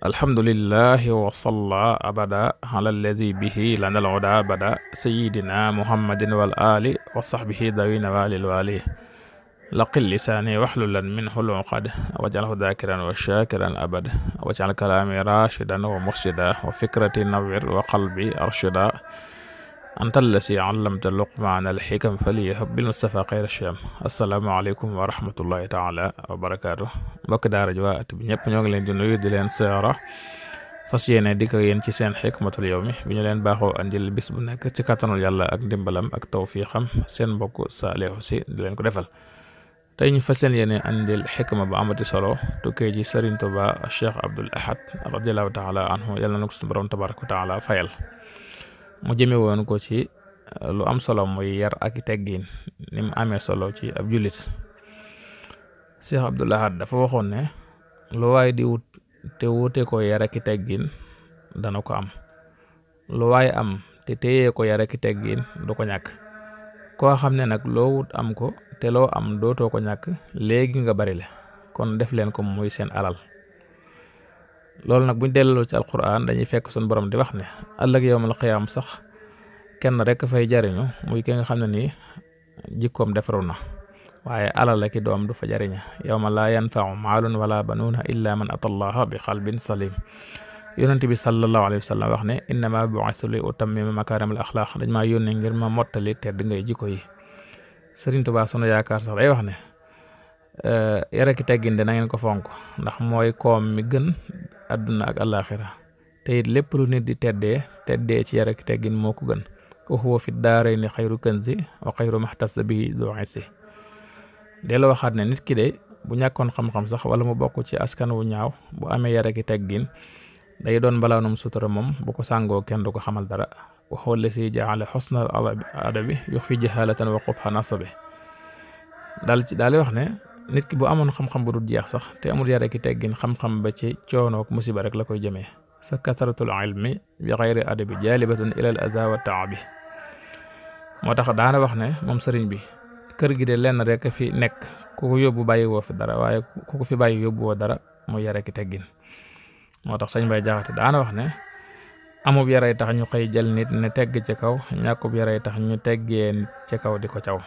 alhamdulillahi wa salla abada ala allazi bihi lanal huda bada sayidina muhammadin wal ali wa sahbihi dawina walil wali laqil lisaani waxlulan minhu luqad waj'alhu dhakiran wa shakiran abad waj'al kalami rashidan wa murshida wa fikrati nawwir wa qalbi arshida antal la علمت لقمان الحكم فليهb بالمصطفى خير الشام asalaamaaleykum wa rahmatullahi taala wa barakaatu mbokk daara ji waa at bi ñëpp ñoo ngi leen di nuyu di leen seera fas yéene di ko yéen ci seen xikmatul yawmi bi ñu leen baaxoo andil bis bu nekk ci kàttanul yàlla ak dimbalam ak tawfiixam seen mbokk Saalihu Si di leen ko defal tey ñu fas yéene andil xikma bu amati solo tukkee ci Sëriñ ba Cheikh Abdul Ahad radiyallahu taala anhu yàlla na ko suñu borom tabaraka mu jëme woon ko ci euh, lu am solo muy yar ak teggin ni mu amee solo ci ab jullit Cheikh Abdoul Ahad dafa waxoon ne lu waay di wut te wute ko yar ak teggin dana ko am lu waay am te téyee ko yar ak teggin du ko ñàkk koo xam ne nag loo wut am ko te loo am dootoo ko ñàkk léegi nga bari la kon def leen ko muy seen alal loolu nag buñ delloo ci alquran dañuy fekk suñu borom di wax ne ëllëg yowmal xiyaam sax kenn rek fay jariñu muy ki nga xam ne nii jikkoom na waaye alal ak doom du fa jariña yowma laa yanfau maalun wala banuuna illa man ata allaha bi xalbin salim yonent bi sallallahu alayhi wa sallam wax ne innama bu'istu li utammima makaarimal axlaaq dañ ma yónni ngir ma mottali tedd ngay jikko yi Sëriñ Tuubaa sunu yaakaar sax day wax ne yar ak teggin ko fonk ndax mooy koom mi gën àdduna ak alaaxira te it lépp lu nit di teddee teddee ci yar ak moo ko gën wa huwa fi daarayni xayru kanzi wa xayru maxtasa bi du si delloo waxaat ne nit ki de bu ñàkkoon xam-xam sax wala mu bokk ci askan wu ñaaw bu amee yar ak teggin day doon mbalaanum sutura moom bu ko sàngoo kenn du ko xamal dara waxoo la si jaxale xosnal adabi yux fi jahalatan wa qubha nasabi dal ci daal wax ne nit ki bu amoon xam-xam bu dul jeex sax te amul yar ak i teggin xam-xam ba ci coonook musiba rek la koy jëmee fa kasratul ilmi bi xayri adabi jaalibatun ilal aza wa taabi moo tax daana wax ne moom sëriñ bi kër gi de lenn rek fi nekk ku ko yóbbu bàyyi woo fi dara waaye fi bàyyi yóbbu woo dara mu yar ki i teggin moo tax sëñ bay jaxate daana wax ne amub yaray tax ñu xëy jël nit ne tegg ci kaw ñàkkub yaray tax ñu teggee nit ci kaw di ko caw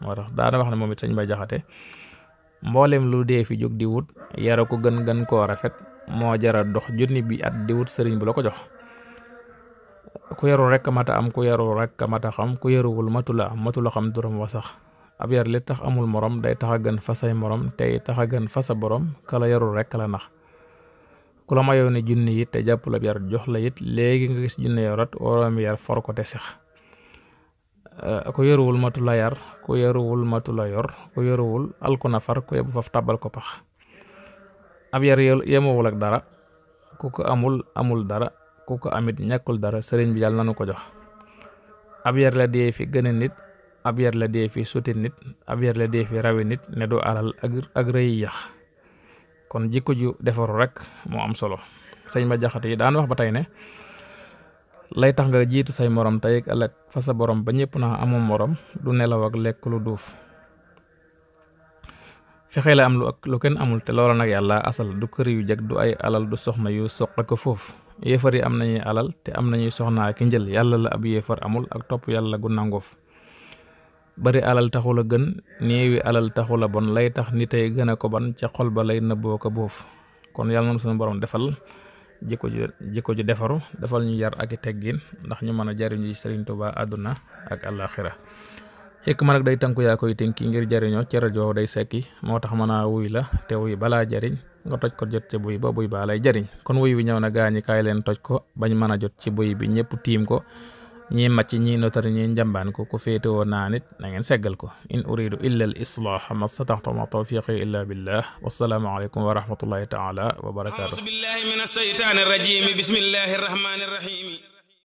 moo tax daana wax ne moom it sëñ jaxate mboolem lu dee fi jóg di wut yara ko gën gën koo rafet moo jara dox junni bi at di wut sëriñ bu la ko jox ku yarul rek mata am ku yarul rek mata xam ku yaruwul matula am matula xam dorom wa sax ab yar li tax amul morom day tax a gën fasay morom tey tax a gën fasa borom kala yarul rek la nax ku la mayoon junni it te jàppul ab yar jox la it léegi nga gis junni yorat waroom yar for ko te sax Eh, ku yaruwul matu la yar ku yaruwul matu la yor ku yaruwul alku nafar ku yebu faf tàbbal ko pax ab yar yemawul ak dara ku ko amul amul dara ku ko amit ñàkkul dara sëriñ bi yàlla nanu ko jox ab yar la dee fi gëne nit ab yar la dee fi suti nit ab yar la dee fi rawi nit ne du alal ak rëyi yax kon jikko ju defaru rek mu am solo sëñ ma jaxate yi daan wax ba tey ne lay tax nga jiitu say morom tey ak ëllëg fa sa borom ba ñëpp naa amoo morom du nelaw ak lekk lu duuf fexe la am lu ak lu kenn amul te loola nag yàlla asal du kër yu jag du ay alal du soxna yu soqa ko foofu yéefar yi am nañuy alal te am na ñuy soxna ki njël yàlla la ab yéefar amul ak topp yàlla gu nangoof bari alal taxul a gën néewi alal taxul a bon lay tax nit ay gën a ko ban ca xol ba lay nëbboo ko boof kon yàlla na suñu borom defal jikko ju ju defaru defal ñu yar ak teggin ndax ñu mën a jariñu ci Sëriñ Tuubaa àdduna ak àllaaxira xikma nag day tënku yaa koy tënki ngir jariñoo ci rajo day sekki moo tax mën a wuy la te wuy balaa jariñ nga toj ko jot ci buy ba buy baa lay jariñ kon wuy wi ñaw na gaañi kaay leen toj ko bañ mën a jot ci buy bi ñëpp tiim ko ñi màcc ñi notari ñi njàmbaan ko ku féetewoo naa nit na ngeen seggal ko in uridu illa al islah ma stataxta a tawfiqi illa billah wassalaamu aleykum wa rahmatullahi taala wa barakatuh